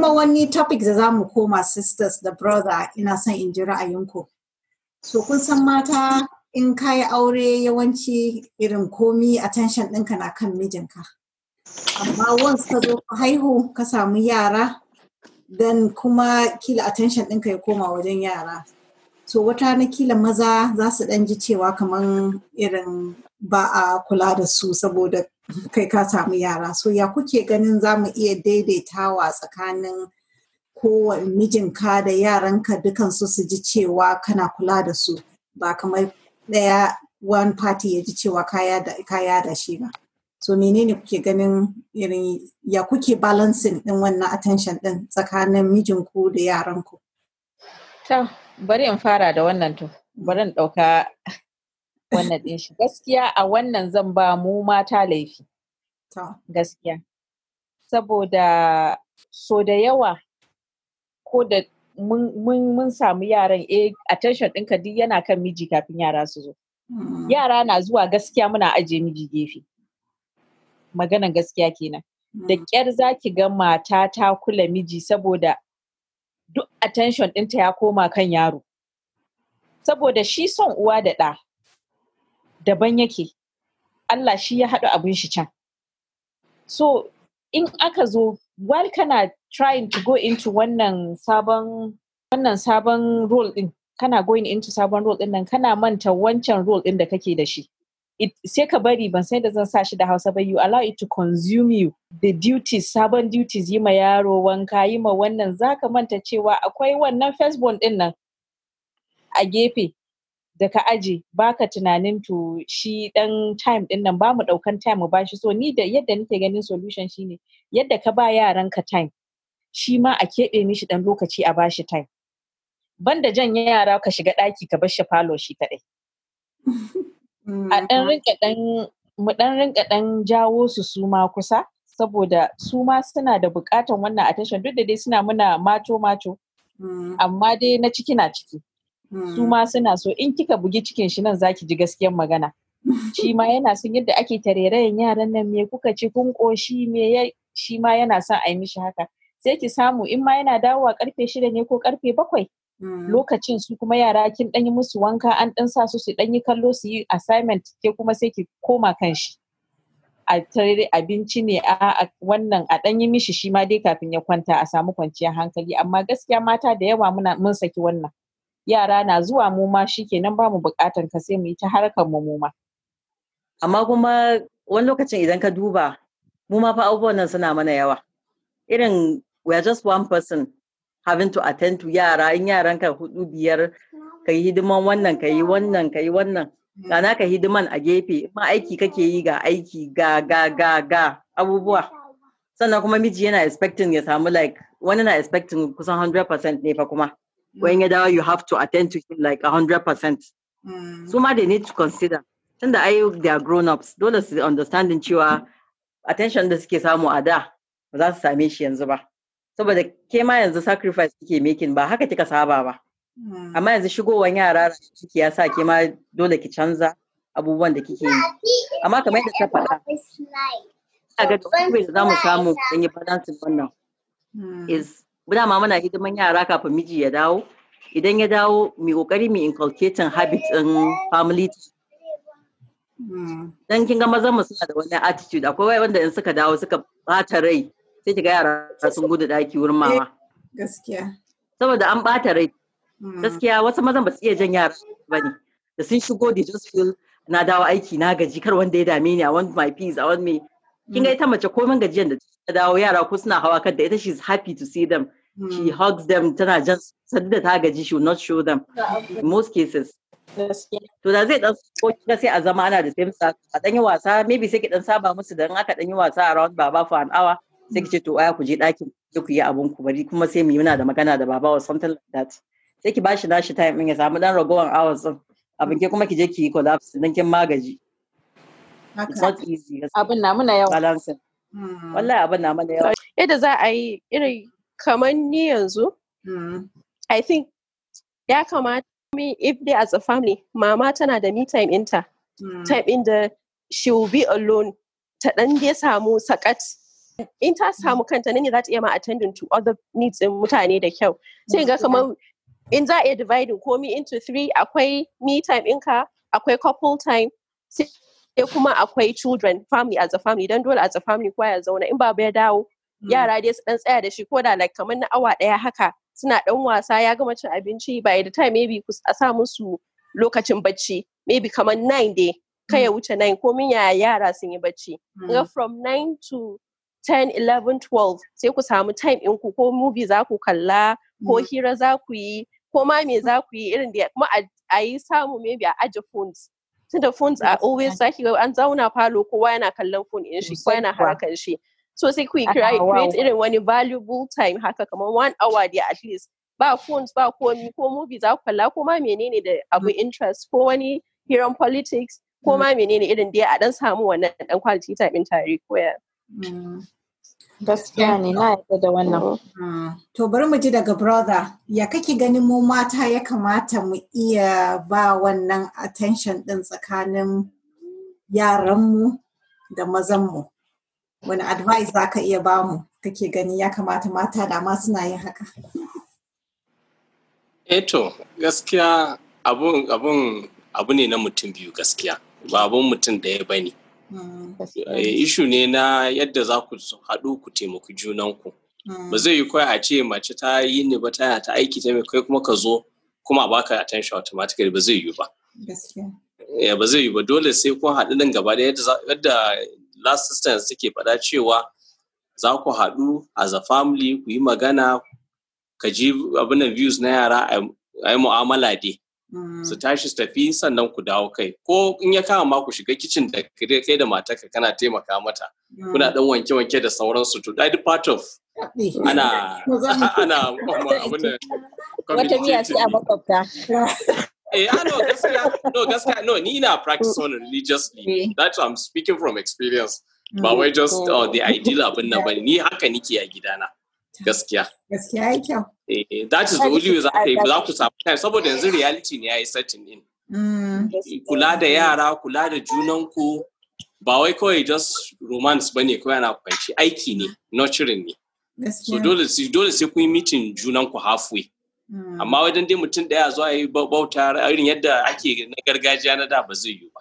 kuma wani topic da za mu koma sisters da brother ina son in ji ra'ayinku. So kun san mata in kayi aure yawanci irin komi attention ɗinka na kan mijinka. Amma once ka zo ka haihu ka samu yara dan kuma kila attention ɗinka ya koma wajen yara. So wata na kila maza za su ɗan ji cewa kamar irin ba a kula da su saboda kai ka samu yara so ya kuke ganin za mu iya daidaitawa tsakanin kowane mijinka da yaranka dukansu su ji cewa kana kula da su ba kamar daya one party ya ji cewa kaya da shi ba so menene kuke ganin irin ya kuke balancing din wannan attention din tsakanin mijinku da yaranku to bari in fara da wannan to bari in ɗauka wannan din shi gaskiya a wannan zan ba mu mata laifi gaskiya saboda so da yawa ko da mun samu yaran eh attention ɗinka duk yana kan miji kafin yara su zo mm. yara na zuwa gaskiya muna ajiye miji gefe maganan gaskiya kenan da mm. ƙyar za ki ga mata ta kula miji saboda duk attention ɗinta ya koma kan yaro saboda shi son uwa da ɗa daban yake Allah shi ya haɗu abin shi can so in aka zo while kana trying to go into wannan sabon wannan sabon role din kana going into sabon role din nan kana manta wancan role din da kake da shi it sai ka bari ban san da zan sa shi da hausa ba you allow it to consume you the duties sabon duties yi ma yaro wanka yi ma wannan zaka manta cewa akwai wannan firstborn din nan a gefe da ka aje baka tunanin to shi dan time din nan bamu ɗaukan time mu bashi so ni da yadda nake ganin solution shine yadda ka ba yaran ka time shi ma a keɓe mishi dan lokaci a bashi time banda jan yara ka shiga ɗaki ka bar shi falo shi kaɗai a mm, ɗan rinka ɗan mu ɗan rinka ɗan jawo su su ma kusa saboda su ma suna da buƙatan wannan attention duk da dai suna muna mato-mato. Mm. amma dai na ciki na ciki su ma suna so in kika bugi cikin shi nan zaki ji gaskiyar magana shi ma yana son yadda ake tarerayen yaran nan me kuka ci kun koshi me ya shi ma yana son a yi mishi haka sai ki samu in ma yana dawowa karfe shida ne ko karfe bakwai hmm. lokacin su kuma yara kin dan yi musu wanka an dan sa su su dan yi kallo su yi assignment ke kuma sai ki koma kan shi a tare abinci ne a wannan a dan yi mishi shi ma dai kafin ya kwanta a samu kwanciyar hankali amma gaskiya mata da yawa muna mun saki wannan yara na zuwa mu ma shikenan ba mu bukatan ka sai mu yi ta harkar mu mu ma amma kuma wani lokacin idan ka duba mu ma fa abubuwan nan suna mana yawa irin we are just one person having to attend to yara in yaran ka hudu biyar ka yi hidiman wannan ka yi wannan ka yi wannan ga ka hidiman a gefe ma aiki kake yi ga aiki ga ga ga ga abubuwa sannan kuma miji yana expecting ya samu like wani na expecting kusan 100% ne fa kuma mm. when you have to attend to him like 100%. Mm. So much they need to consider. Then the IU, they are grown ups. Don't understand in Chiwa. Attention, this case, I'm ada. That's Samishi and Zuba. So, but the Kema and the sacrifice he making, but how can take a Sababa? Mm. Am I the sugar when you are at Kiasa Kema, do the Kichanza, Abu one the Kiki? Am I coming to Chapa? I get to be with Zamu Samu in your pronouncing one now. Is dama muna hidiman yara kafin miji ya dawo idan ya dawo mai kokari mai inculcating habit in family hmm. dan kin ga mazan mu suna da wani attitude akwai wanda in suka dawo suka bata rai sai kiga yara sun gudu daki wurin mama eh, gaskiya saboda an bata rai hmm. gaskiya wasu mazan ba su iya jan yara bane da sun shigo they just feel na dawo aiki na gaji kar wanda ya dame ni i want my peace i want me kin ga hmm. ita mace min gajiyan da ta dawo yara ko suna hawa kanta ita she's happy to see them Hmm. she hugs them tana just sadda ta gaji she will not show them in most cases to da zai dan ko kina sai a zama ana da same sex a dan yi wasa maybe sai ki dan saba musu da in aka dan yi wasa around baba for an hour sai ki ce to aya ku je dakin ki ku yi abun ku bari kuma sai mu yi muna da magana da baba or something like that sai ki bashi nashi time in ya samu dan ragowan hours din abin ke kuma ki je ki yi collapse dan kin magaji it's not easy abin na muna yawa balancing hmm. wallahi abin na muna yawa yadda za a yi irin kamar ni yanzu hmm. i think ya kamata me if they as a family mama tana da me time inta hmm. time in da she will be alone ta dan dai samu sakat in ta hmm. samu kanta ne za ta iya ma attending to other needs in mutane da kyau sai ga kamar in za a iya ko me into three akwai me time inka akwai couple time sai kuma akwai children family as a family dan dole as a family kowa ya zauna in baba ya dawo Mm. yara dai su dan tsaya da shi ko da like kamar na awa daya haka suna dan wasa ya gama cin abinci by the time maybe ku a sa musu lokacin bacci maybe kamar 9 dai kai ya mm. wuce 9 min ya yara sun yi bacci ga mm. from 9 to 10 11 12 sai ku samu time in ku ko movie za ku kalla ko hira za ku yi ko ma me za ku yi irin da kuma a yi samu maybe a aje phones tunda phones a always zaki ga an zauna falo kowa yana kallon phone in shi kowa yana harakan shi So it's quick, right? Wow. Create irin wani valuable time haka kamar one hour dai at least. Ba phones, ba komi, ko movie za ku kalla ko ma menene da abu interest ko wani hiran politics ko ma menene irin dai a dan samu wannan dan quality time in tare koya. Mm. Gaskiya ne na yarda da wannan. Mm. Mm. To bari mu ji daga brother, ya kake ganin mu mata ya kamata mu iya ba wannan attention din tsakanin yaranmu da mazanmu? wani advice za ka iya ba mu kake gani ya kamata mata da ma suna yin haka eto eh gaskiya abun abun abu ne na mutum biyu gaskiya ba abun mutum da ya bani ishu ne na yadda za ku haɗu ku taimaki junanku ba hmm. zai yi kawai a ce mace ta yi ne ba ta ta aiki ta mai kai kuma ka zo kuma baka attention automatically ba zai yi ba eh, ba zai yi ba dole sai kun haɗu nan gaba da yadda last sisters suke faɗa cewa za ku haɗu as a family ku yi magana ka ji abin views na yara a yi mu'amala dai mm. su tashi su tafi sannan ku dawo kai ko in ya kama ma ku shiga kicin da kai da matarka kana taimaka mata mm. kuna dan wanke-wanke da sauransu to that part of ana ana abin da wata miya sai a makwabta Eh, ah, no, gaskiya, no, gaskiya, no, ni na practice on religiously. Eh. That's why I'm speaking from experience. Ba mm, wai just oh. oh, the ideal abin nan bane. Ni haka nike a gidana. Gaskiya. Gaskiya ya kyau. Eh, eh, that is the only way za ka yi, za ku samu time saboda yanzu reality ne yi setting in. Mm. Kula da yara, kula da junanku, ba wai kawai just romance bane kawai ana kwanci aiki ne, nurturing ne. So dole sai kun yi meeting junanku halfway. Hmm. amma wajen dai mutum daya zuwa yi bauta irin yadda ake na gargajiya na da ba zai yi ba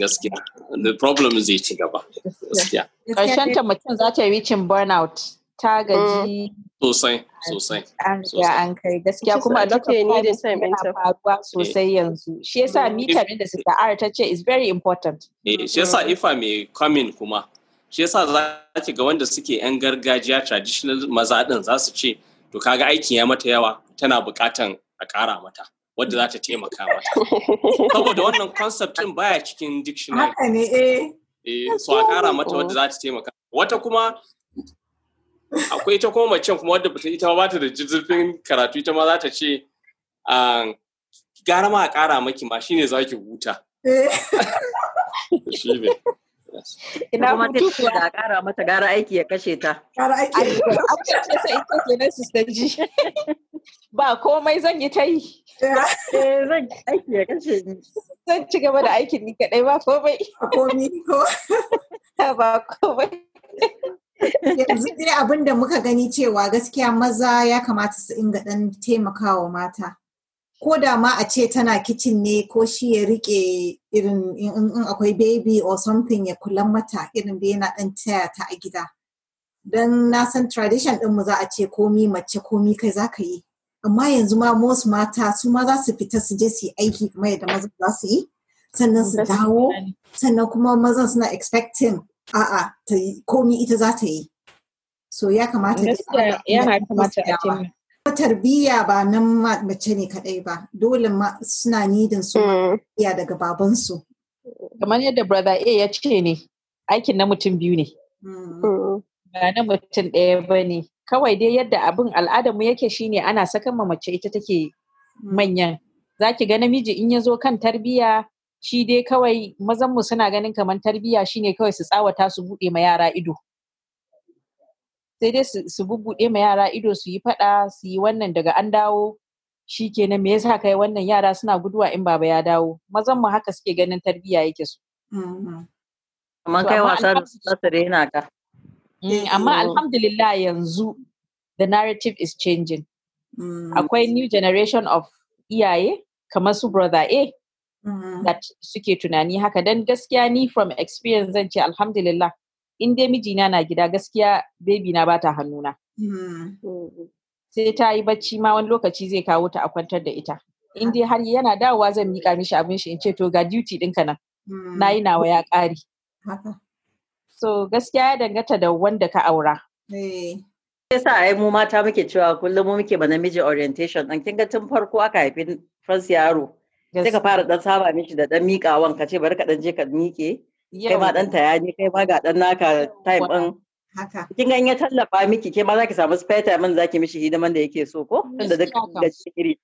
gaskiya the problem zai ci gaba gaskiya karshen ta mutum za ta yi wicin burnout ta gaji hmm. sosai sosai ya an kai gaskiya kuma lokacin ne da sai mental faruwa sosai eh. yanzu shi yasa mitar hmm. da eh. suka R ta ce is very important eh shi yasa ifa mai coming kuma shi yasa za ki ga wanda suke yan gargajiya traditional maza din za su ce to kaga aikin ya mata yawa tana buƙatan a ƙara mata wadda za ta taimaka mata saboda wannan concept din baya cikin dictionary haka ne eh eh so a ƙara mata wadda za ta taimaka wata kuma akwai ita kuma macen kuma wadda bata ita ba ta da zurfin karatu ita ma za ta ce ah, gara ma a ƙara maki ma shine za ki huta eh. shi ne Ina kuma ta da kara gara aiki ya kashe ta. Ba komai zan yi ta yi. Eh, zan ci gaba da aikin ni kaɗai ba komai. Yanzu dai abin da muka gani cewa gaskiya maza ya kamata su inga ɗan taimakawa mata. ko da ma a ce tana kicin ne ko shi ya rike irin in akwai baby or something ya kula mata irin da yana dan taya ta a gida don na san tradition din mu za a ce komi mace komi kai za ka yi amma yanzu ma most mata su ma za su fita su je su yi aiki kuma yadda maza za su yi sannan su dawo sannan kuma mazan suna expecting a'a komi ita za ta yi so ya kamata ya kamata a ce tarbiyya ba nan mace ne kadai ba dole ma suna nidin su hmm. iya daga babansu kamar yadda brother A ya ce ne aikin na mutum biyu ne hmm. Hmm. ba na mutum ɗaya ba ne kawai dai yadda abin al'adarmu yake shine ana sakan ma mace ita take manyan za ki ga namiji in ya zo kan tarbiyya shi dai kawai mazanmu suna ganin kamar tarbiyya shine kawai su tsawata su buɗe ma yara ido sai dai su bubbuɗe ma yara ido su yi faɗa su yi wannan daga an dawo shi kenan me yasa kai wannan yara suna guduwa in baba ya dawo mazan mu haka suke ganin tarbiyya yake su mm-hmm. amma kai wasa da su ka mm, eh, amma alhamdulillah yanzu the narrative is changing mm-hmm. akwai new generation of iyaye kamar su brother A mm-hmm. that suke tunani haka dan gaskiya ni from experience zan ce alhamdulillah in dai mijina na gida gaskiya baby na bata hannuna hmm. sai ta yi bacci ma wani lokaci zai kawo ta a kwantar da ita in dai har yana dawowa zan miƙa mishi abin shi in ce to ga duty ɗinka nan hmm. na yi nawa ya ƙare so gaskiya ya danganta da wanda ka aura Me eh. yasa ai mu mata muke cewa kullum mu muke ba namiji orientation dan kin ga tun farko aka haifi Francis yaro sai ka fara dan saba mishi da dan miƙawan ka ce bari ka dan je ka miƙe kai ma ɗanta ya je kai ma ga ɗan naka time ɗin haka kin ga in ya tallafa miki ke ma zaki samu spare time zaki mishi hidiman da yake so ko tunda da da iri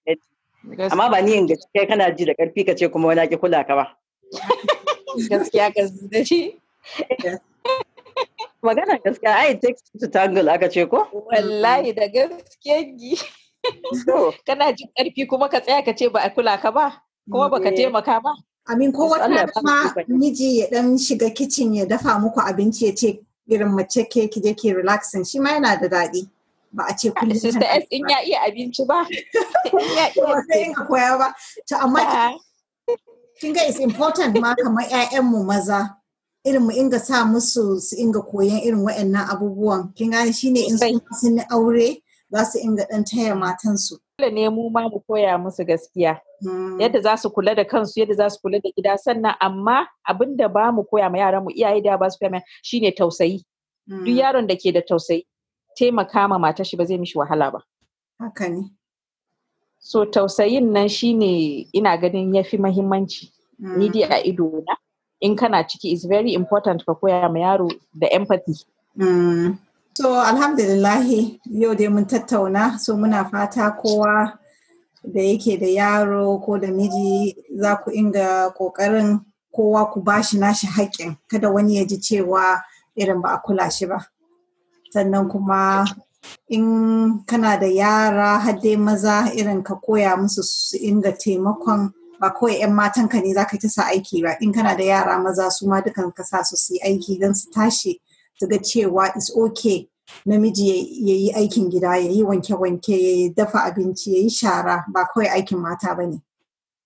amma ba ni in ga kai kana ji da ƙarfi ka ce kuma wani ki kula ka ba gaskiya ka da shi magana gaskiya ai takes to tangle aka ce ko wallahi da gaskiyar gi kana jin ƙarfi kuma ka tsaya ka ce ba a kula ka ba kuma baka eh. taimaka ba Amin ko wata kuma miji ya dan shiga kicin ya dafa muku abinci ya ce irin mace ke ki je ki relaxin shi ma yana da daɗi. Ba a ce kullum. Sister S in ya iya abinci ba. Ba sai in koya ba. To amma ah. kin ga is important ma kamar ƴaƴanmu maza irin mu inga sa musu su inga koyan irin waɗannan abubuwan kin gane shine in sun aure za su inga dan taya matansu dole ne mu ma mu koya musu gaskiya hmm. yadda za su kula da kansu yadda za su kula da gida sannan amma abin da ba mu koya ma yaran mu iyaye da ba su koya ma shine tausayi duk hmm. yaron da ke da tausayi taimaka ma mata shi ba zai mishi wahala ba haka ne so tausayin nan shine ina ganin yafi mahimmanci hmm. ni dai a ido na in kana ciki is very important ka koya ma yaro da empathy so, alhamdulillahi yau dai mun tattauna so muna fata kowa da yake da yaro ko da miji za ku inga kokarin kowa ku bashi nashi haƙƙin kada wani ya ji cewa irin ba a kula shi ba. Sannan kuma in kana da yara har maza irin ka koya musu su inga taimakon ba kawai 'yan matanka ne za ka ta sa aiki ba in kana da yara maza su ma dukan ka sa su yi aiki don su tashi ta cewa is okay namiji ya yi aikin gida ya yi wanke-wanke ya yi dafa abinci ya yi shara ba kawai aikin mata ba ne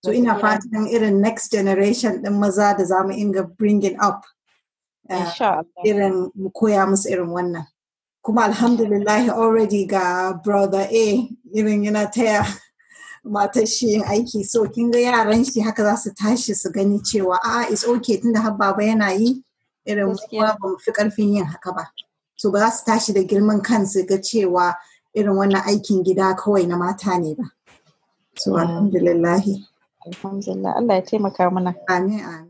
so ina fatan irin next generation din maza da za mu inga bringing up eh, irin mu koya musu irin wannan kuma alhamdulillah already ga brother a irin yana taya matar shi yin aiki so kin yaran shi haka za su tashi su gani cewa a ah, okay tunda har baba yana yi irin kuma ba mu fi karfin yin haka ba to ba za su tashi da girman kansu ga cewa irin wannan aikin gida kawai na mata ne ba to alhamdulillahi alhamdulillah Allah ya taimaka mana amin amin